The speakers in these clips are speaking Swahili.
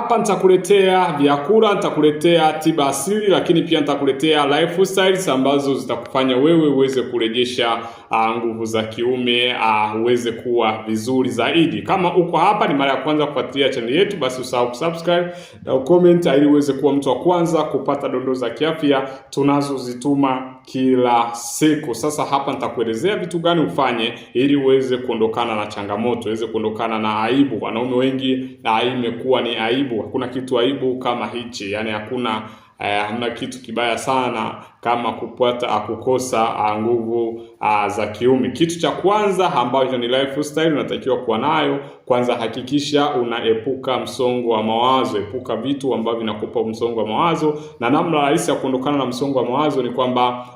Hapa nitakuletea vyakula, nitakuletea tiba asili, lakini pia nitakuletea lifestyles ambazo zitakufanya wewe uweze kurejesha ah, nguvu za kiume, uh, uweze kuwa vizuri zaidi. Kama uko hapa ni mara ya kwanza kufuatilia channel yetu, basi usahau kusubscribe na ucomment ili uweze kuwa mtu wa kwanza kupata dondoo za kiafya tunazozituma kila siku. Sasa hapa nitakuelezea vitu gani ufanye ili uweze kuondokana na changamoto, uweze kuondokana na aibu. Wanaume wengi na ah, imekuwa ni aibu aibu, hakuna kitu aibu kama hichi, yani hakuna eh, hamna kitu kibaya sana kama kupata ah, kukosa ah, nguvu ah, za kiume. Kitu cha kwanza ambacho ni lifestyle unatakiwa kuwa nayo kwanza, hakikisha unaepuka msongo wa mawazo. Epuka vitu ambavyo vinakupa msongo wa mawazo, na namna rahisi ya kuondokana na msongo wa mawazo ni kwamba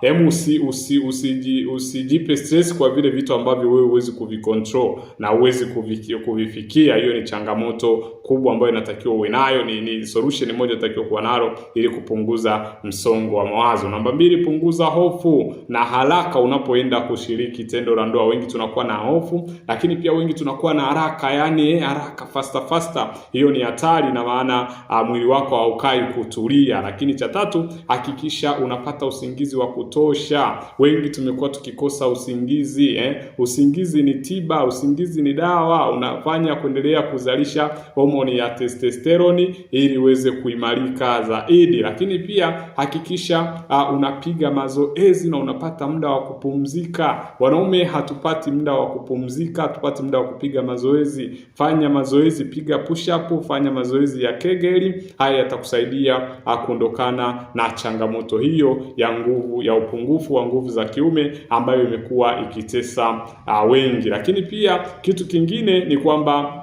hemu usi, usi, usiji, usijipe stress kwa vile vitu ambavyo wewe huwezi kuvicontrol na huwezi kuvifikia. Hiyo ni changamoto kubwa ambayo inatakiwa uwe nayo, ni, ni solution moja unatakiwa kuwa nalo ili kupunguza msongo wa mawazo. Namba mbili, punguza hofu na haraka unapoenda kushiriki tendo la ndoa. Wengi tunakuwa na hofu, lakini pia wengi tunakuwa na haraka, yani eh, haraka, fasta fasta. Hiyo ni hatari na maana ah, mwili wako haukai kutulia. Lakini cha tatu, hakikisha unapata usingizi wa kutosha. Wengi tumekuwa tukikosa usingizi eh. Usingizi ni tiba, usingizi ni dawa, unafanya kuendelea kuzalisha homoni ya testosterone ili uweze kuimarika za zaidi. lakini pia hakikisha uh, unapiga mazoezi na unapata muda wa kupumzika. Wanaume hatupati muda wa kupumzika, hatupati muda wa kupiga mazoezi. Fanya mazoezi, piga push up, fanya mazoezi ya kegeli. Haya yatakusaidia uh, kuondokana na changamoto hiyo ya nguvu ya upungufu wa nguvu za kiume ambayo imekuwa ikitesa uh, wengi. Lakini pia kitu kingine ni kwamba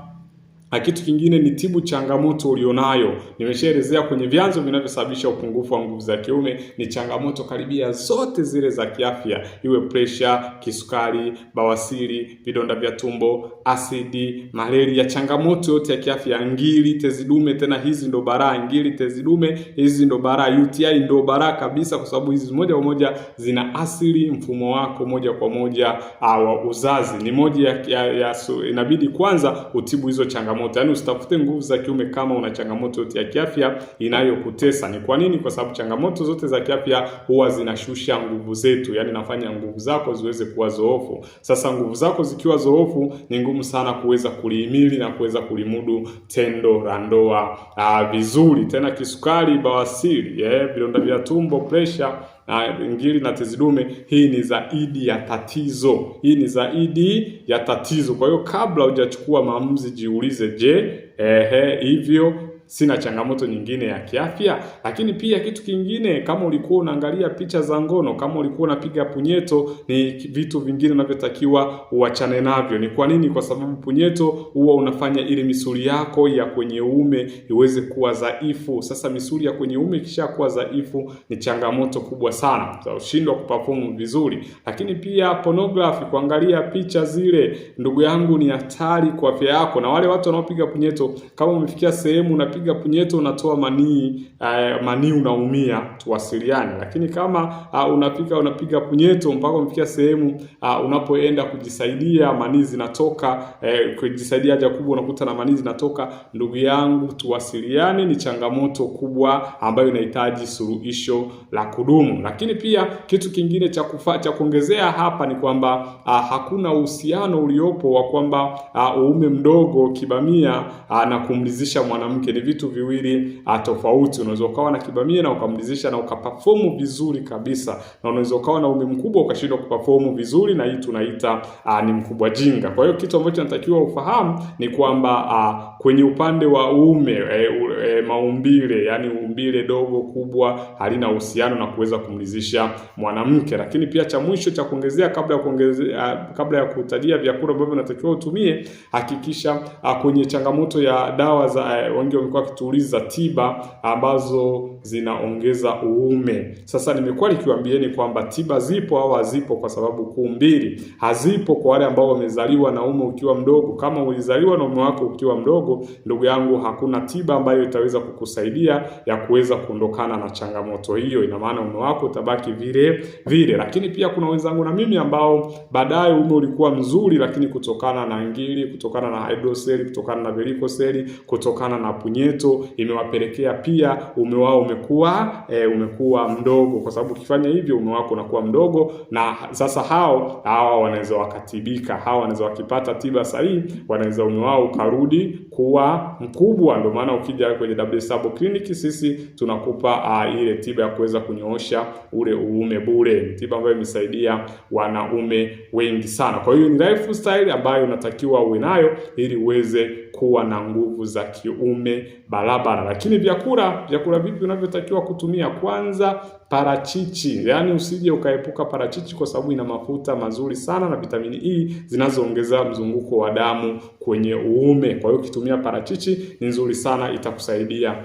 na kitu kingine ni tibu changamoto ulionayo. Nimeshaelezea kwenye vyanzo vinavyosababisha upungufu wa nguvu za kiume, ni changamoto karibia zote zile za kiafya, iwe presha, kisukari, bawasiri, vidonda vya tumbo, asidi, malaria, changamoto yote ya kiafya, ngiri, tezi dume. Tena hizi ndo baraa, ngiri, tezi dume, hizi ndo baraa, UTI ndo baraa kabisa, kwa sababu hizi moja kwa moja zina asili mfumo wako moja kwa moja ah, wa uzazi. Ni moja ya, ya, ya, so, inabidi kwanza utibu hizo changamoto changamoto. Yaani usitafute nguvu za kiume kama una changamoto yote ya kiafya inayokutesa. Ni kwa nini? Kwa sababu changamoto zote za kiafya huwa zinashusha nguvu zetu, yaani nafanya nguvu zako ziweze kuwa zoofu. Sasa nguvu zako zikiwa zoofu, ni ngumu sana kuweza kulihimili na kuweza kulimudu tendo la ndoa ah, vizuri. Tena kisukari, bawasiri, eh, vidonda vya tumbo, pressure na ah, ngiri na tezi dume, hii ni zaidi ya tatizo, hii ni zaidi ya tatizo. Kwa hiyo kabla hujachukua maamuzi, jiulize, je, ehe, hivyo sina changamoto nyingine ya kiafya. Lakini pia kitu kingine, kama ulikuwa unaangalia picha za ngono, kama ulikuwa unapiga punyeto, ni vitu vingine unavyotakiwa uachane navyo. Ni kwa nini? Kwa sababu punyeto huwa unafanya ile misuli yako ya kwenye uume iweze kuwa dhaifu. Sasa misuli ya kwenye uume ikishakuwa dhaifu, ni changamoto kubwa sana za ushindwa kuperform vizuri. Lakini pia pornography, kuangalia picha zile, ndugu yangu, ni hatari kwa afya yako. Na wale watu wanaopiga punyeto, kama umefikia sehemu unapiga unapiga punyeto unatoa manii uh, manii unaumia, tuwasiliane. Lakini kama uh, ah, unapiga unapiga punyeto mpaka umefikia sehemu uh, unapoenda kujisaidia manii zinatoka, uh, eh, kujisaidia haja kubwa unakuta na manii zinatoka, ndugu yangu, tuwasiliane. Ni changamoto kubwa ambayo inahitaji suluhisho la kudumu. Lakini pia kitu kingine cha kufa, cha kuongezea hapa ni kwamba uh, hakuna uhusiano uliopo wa kwamba uume uh, mdogo kibamia uh, na kumlizisha mwanamke ni vitu viwili ah, tofauti. Unaweza ukawa na kibamia na ukamlizisha na ukaperform vizuri kabisa, na unaweza ukawa na ume mkubwa ukashindwa kuperform vizuri, na hii tunaita uh, ni mkubwa jinga. Kwa hiyo kitu ambacho natakiwa ufahamu ni kwamba uh, kwenye upande wa uume e, e, maumbile yani umbile dogo kubwa halina uhusiano na kuweza kumridhisha mwanamke. Lakini pia cha mwisho cha kuongezea, kabla ya kuongezea, ah, kabla ya kutajia vyakula ambavyo unatakiwa utumie, hakikisha ah, kwenye changamoto ya dawa za, eh, wengi wamekuwa wakituuliza tiba ambazo zinaongeza uume. Sasa nimekuwa nikiwaambieni kwamba tiba zipo au hazipo, kwa sababu kuu mbili. Hazipo kwa wale ambao wamezaliwa na ume ukiwa mdogo. Kama ulizaliwa na ume wako ukiwa mdogo, ndugu yangu, hakuna tiba ambayo itaweza kukusaidia ya kuweza kuondokana na changamoto hiyo. Ina maana ume wako utabaki vile vile. Lakini pia kuna wenzangu na mimi ambao baadaye uume ulikuwa mzuri, lakini kutokana na ngiri, kutokana na hydroseli, kutokana na varicocele, kutokana na punyeto imewapelekea pia ume wao umekuwa e, umekuwa mdogo, kwa sababu ukifanya hivyo umri wako unakuwa mdogo, na sasa hao hawa wanaweza wakatibika, hawa wanaweza wakipata tiba sahihi, wanaweza umri wao ukarudi kuwa mkubwa. Ndio maana ukija kwenye WSABO Clinic sisi tunakupa a, ah, ile tiba ya kuweza kunyoosha ule uume bure, tiba ambayo imesaidia wanaume wengi sana. Kwa hiyo ni lifestyle ambayo unatakiwa uwe nayo ili uweze kuwa na nguvu za kiume barabara, lakini vyakula vyakula vipi una unavyotakiwa kutumia. Kwanza, parachichi, yaani usije ukaepuka parachichi kwa sababu ina mafuta mazuri sana na vitamini E zinazoongeza mzunguko wa damu kwenye uume. Kwa hiyo ukitumia parachichi ni nzuri sana, itakusaidia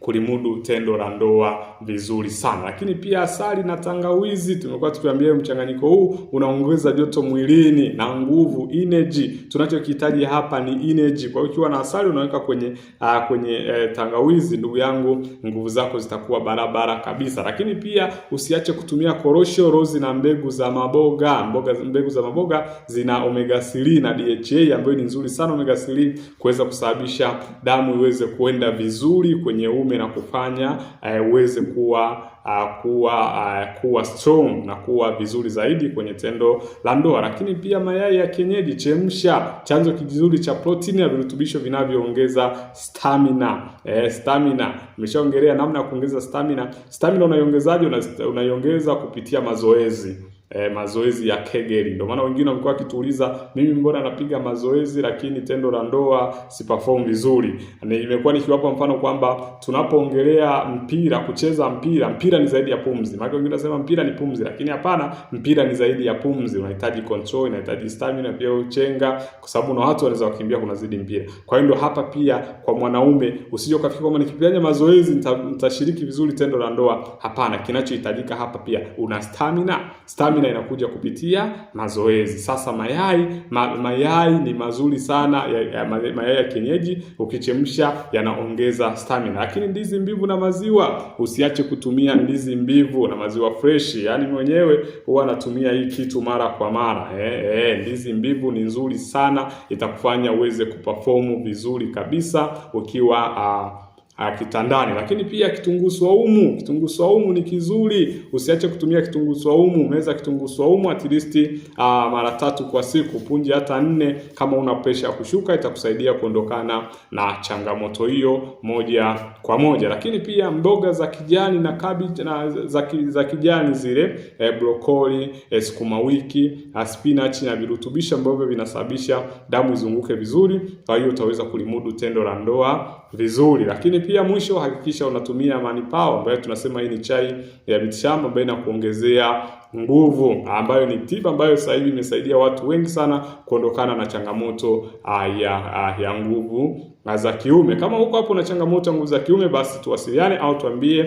kulimudu tendo la ndoa vizuri sana. Lakini pia asali na tangawizi, tumekuwa tukiambia mchanganyiko huu unaongeza joto mwilini na nguvu energy. Tunachokihitaji hapa ni energy. Kwa hiyo ukiwa na asali unaweka kwenye uh, kwenye uh, tangawizi, ndugu yangu, nguvu zako zitakuwa barabara kabisa. Lakini pia usiache kutumia korosho, rozi na mbegu za maboga. Mboga mbegu za maboga zina omega 3 na DHA ambayo ni nzuri sana, omega 3 kuweza kusababisha damu iweze kuenda vizuri kwenye umi uume na kufanya eh, uweze uh, kuwa uh, kuwa uh, kuwa strong na kuwa vizuri zaidi kwenye tendo la ndoa. Lakini pia mayai ya kienyeji, chemsha, chanzo kizuri cha protini na virutubisho vinavyoongeza stamina. Eh, stamina nimeshaongelea namna ya kuongeza stamina. Stamina unaiongezaje? Unaiongeza kupitia mazoezi eh, mazoezi ya kegeli. Ndio maana wengine walikuwa wakituuliza mimi, mbona napiga mazoezi lakini tendo la ndoa si perform vizuri? Nimekuwa nikiwapa mfano kwamba tunapoongelea mpira, kucheza mpira, mpira ni zaidi ya pumzi. Maana wengine wanasema mpira ni pumzi, lakini hapana, mpira ni zaidi ya pumzi. Unahitaji control, unahitaji stamina, pia uchenga, kwa sababu na watu wanaweza kukimbia kunazidi mpira. Kwa hiyo ndio hapa pia kwa mwanaume usije ukafikiri kwamba nikipiga mazoezi nitashiriki nita vizuri tendo la ndoa. Hapana, kinachohitajika hapa pia una stamina, stamina stamina inakuja kupitia mazoezi. Sasa mayai ma, mayai ni mazuri sana ya, ya, mayai ya kienyeji ukichemsha yanaongeza stamina, lakini ndizi mbivu na maziwa usiache kutumia ndizi mbivu na maziwa freshi. Yaani mwenyewe huwa anatumia hii kitu mara kwa mara eh, eh, ndizi mbivu ni nzuri sana, itakufanya uweze kuperform vizuri kabisa ukiwa uh, Ah, kitandani. Lakini pia kitunguu swaumu, kitunguu swaumu ni kizuri, usiache kutumia kitunguu swaumu. Meza kitunguu swaumu at least uh, mara tatu kwa siku, punje hata nne, kama una presha kushuka, itakusaidia kuondokana na changamoto hiyo moja kwa moja. Lakini pia mboga za kijani na cabbage na za, za kijani zile eh, brokoli eh, sukuma wiki na ah, spinach na virutubisho ambavyo vinasababisha damu izunguke vizuri, kwa hiyo utaweza kulimudu tendo la ndoa vizuri. Lakini pia mwisho, hakikisha unatumia pao ambayo tunasema hii ni chai ya mitishamba ambayo inakuongezea nguvu, ambayo ni tiba ambayo sasa hivi imesaidia watu wengi sana kuondokana na changamoto ah, ya ah, ya nguvu ah, za kiume. Kama huko hapo una changamoto ya nguvu za kiume, basi tuwasiliane au tuambie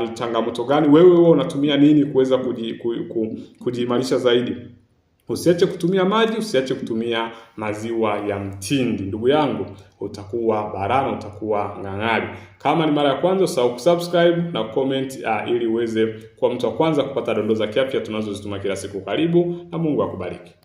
ni changamoto gani wewe, wewe unatumia nini kuweza kujiimarisha zaidi. Usiache kutumia maji, usiache kutumia maziwa ya mtindi. Ndugu yangu, utakuwa barana utakuwa ng'ang'ari. Kama ni mara ya kwanza, usahau kusubscribe na comment uh, ili uweze kuwa mtu wa kwanza kupata dondoo za kiafya tunazozituma kila siku. Karibu na Mungu akubariki.